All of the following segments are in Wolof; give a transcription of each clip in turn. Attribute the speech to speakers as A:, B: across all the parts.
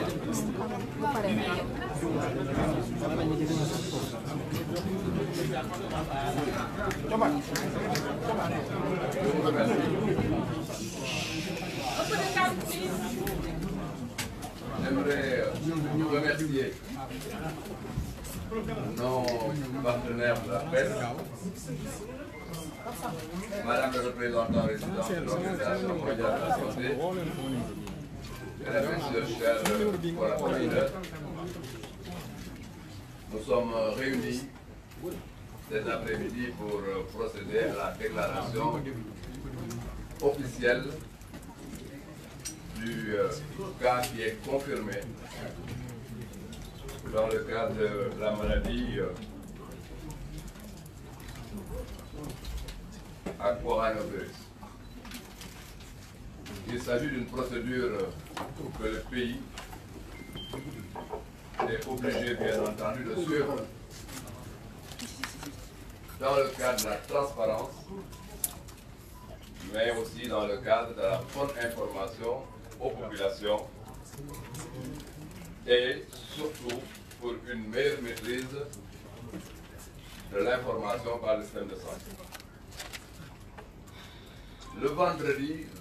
A: J'aimerais vous remercier nos partenaires de la presse, Madame la représentante résidente de l'Organisation mondiale de la santé, pour la prochaine heure. Nous sommes réunis cet après-midi pour procéder à la déclaration officielle du euh, cas qui est confirmé dans le cadre de la maladie euh, à coronavirus. Il s'agit d'une procédure que le pays est obligé, bien entendu, de suivre dans le cadre de la transparence, mais aussi dans le cadre de la bonne information aux populations et surtout pour une meilleure maîtrise de l'information par le de santé. Le vendredi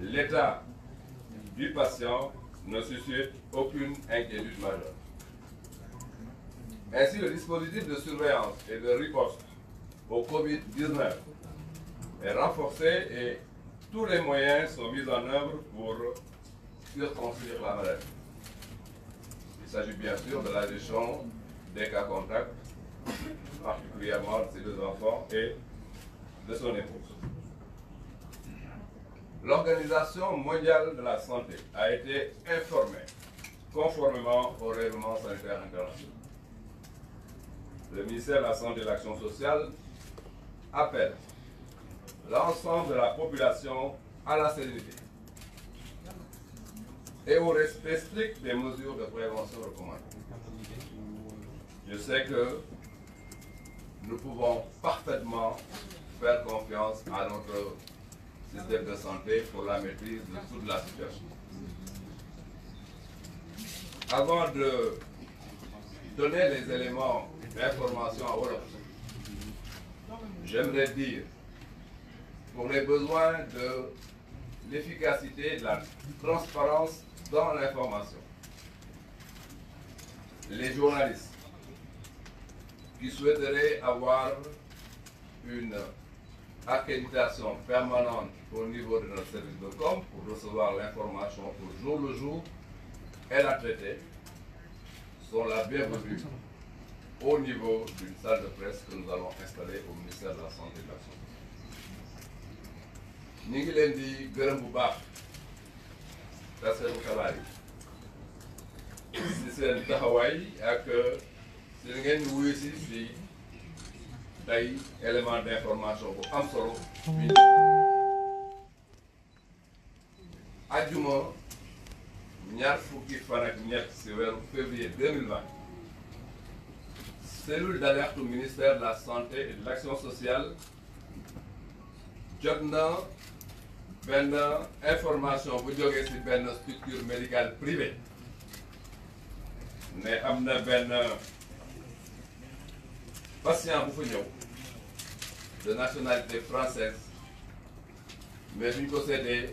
A: l'état du patient ne suscite aucune inquiétude majeure. Ainsi, le dispositif de surveillance et de riposte au covid est renforcé et tous les moyens sont mis en œuvre pour circonscrire la maladie. Il s'agit bien sûr de la des cas contacts, particulièrement de ses deux enfants et de son épouse. l'Organisation mondiale de la santé a été informée conformément au règlement sanitaire international. Le ministère de la Santé et de l'Action sociale appelle l'ensemble de la population à la sérénité et au respect strict des mesures de prévention recommandées. Je sais que nous pouvons parfaitement faire confiance à notre système de santé pour la maîtrise de toute la situation. Avant de donner les éléments d'information à Europe, j'aimerais dire, pour les besoins de l'efficacité, de la transparence dans l'information, les journalistes qui souhaiteraient avoir une accréditation permanente au niveau de notre service de com pour recevoir l'information au jour le jour et la traiter sont la bienvenue au niveau d'une salle de presse nous allons installer au ministère de la Santé et de l'Action sociale. ñu ngi leen di gërëm bu baax taskatu xabaar yi si seen taxawaay ak si ngeen wuyu si si tey élément d'information bu am solo bi ñaar fukki fan ak ñett weeru février cellule d'alerte ministère la santé et l'action sociale jot na benn information bu jógee ci benn structure médicale privée ne am na benn patient bu fa ñëw de nationalité française mais bu ñu ko seetee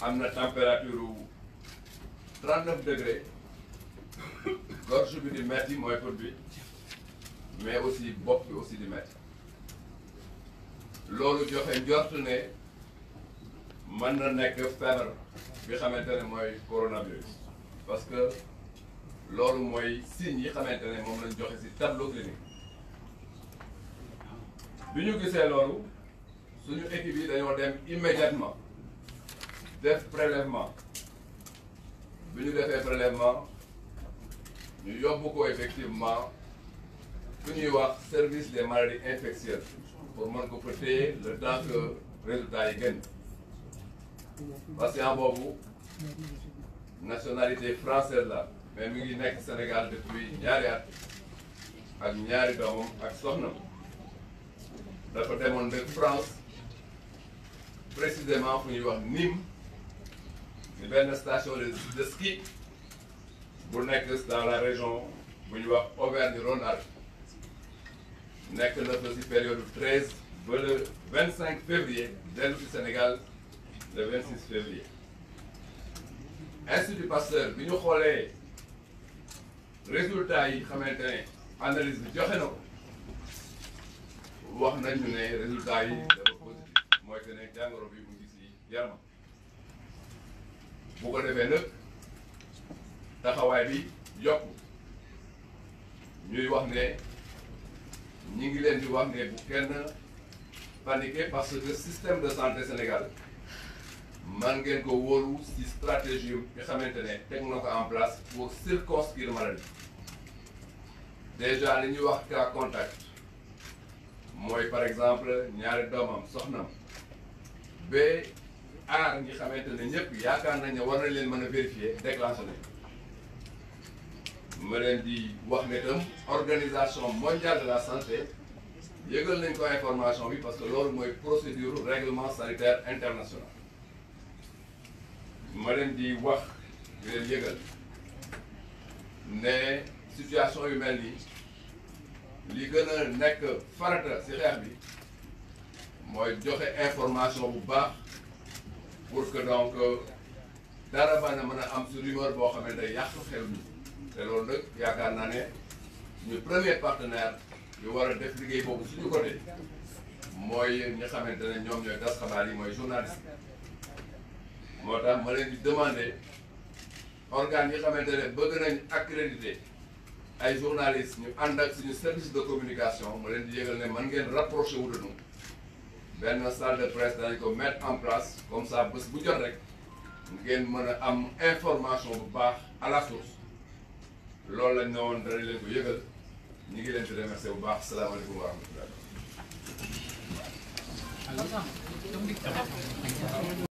A: am na température wu 39 degré bi di metti mooy produit mais aussi bopp bi aussi di metti loolu joxe njort ne mën na nekk feebar bi xamante ne mooy coronavirus parce que loolu mooy signe yi xamante ne moom lañ joxe ci tableau clinique bi ñu gisee loolu suñu équipe yi dañoo dem immédiatement def prélèvement bi ñu defee prélèvement ñu yóbbu ko effectivement fu ñuy wax service des maladies infectieuses pour mën ko fa téye le temps que résultat yi génn patient boobu nationalité française la mais mi ngi nekk Sénégal depuis ñaari at ak ñaari doomam ak soxnam dafa demoon ba France précisément fu ñuy wax Nîmes ci benn station de de ski bu nekk dans la région bu ñuy wax Auvergne-Rhône-Alpes nekk na fa ci période du 13 ba le 25 février dellu ci Pasteur bi ñu xoolee résultat yi xamante ne analyse bi joxe na wax nañu ne résultat yi dafa positif mooy que ne jàngoro bi mu ngi si yaram bu ko defee nag taxawaay bi yokk ñuy wax ne ñi ngi leen di wax ne bu kenn paniqué parce que système de santé Sénégal man ngeen ko wóolu ci stratégie bi xamante ne teg na ko en place pour circonscrire maladie déjà li ñuy wax cas contact mooy par exemple ñaari doomam soxnam ba aar ñi xamante ne ñëpp yaakaar nañ ne war na leen mën a vérifier déclenché nañ ma di wax ne tam organisation mondiale la santé yëgal nañ ko information bi parce que loolu mooy procédure règlement sanitaire international ma leen di wax di leen yëgal ne situation yu mel nii li gën a nekk farata ci xeex bi mooy joxe information bu baax pour que donc dara ba na mën a am su rumeur boo xam ne day yàq xew bi te loolu nag yaakaar naa ne ñu premier partenaire yu war a def liggéey boobu suñu côté mooy ñi xamante ne ñoom ñooy tas xabaar yi mooy journaliste moo tax ma leen di demander organes yi xamante ne bëgg nañ accrédité ay journalistes ñu ànd ak suñu service de communication ma leen di yëgal ne man ngeen rapproché wu de benn salle de presse dañ ko mettre en place comme ça bés bu jot rek ngeen mën a am information bu baax à la source loolu lañ ne woon danañ leen ko yëgal ñu ngi leen di bu baax salaamaaleykum wa rahmatulah.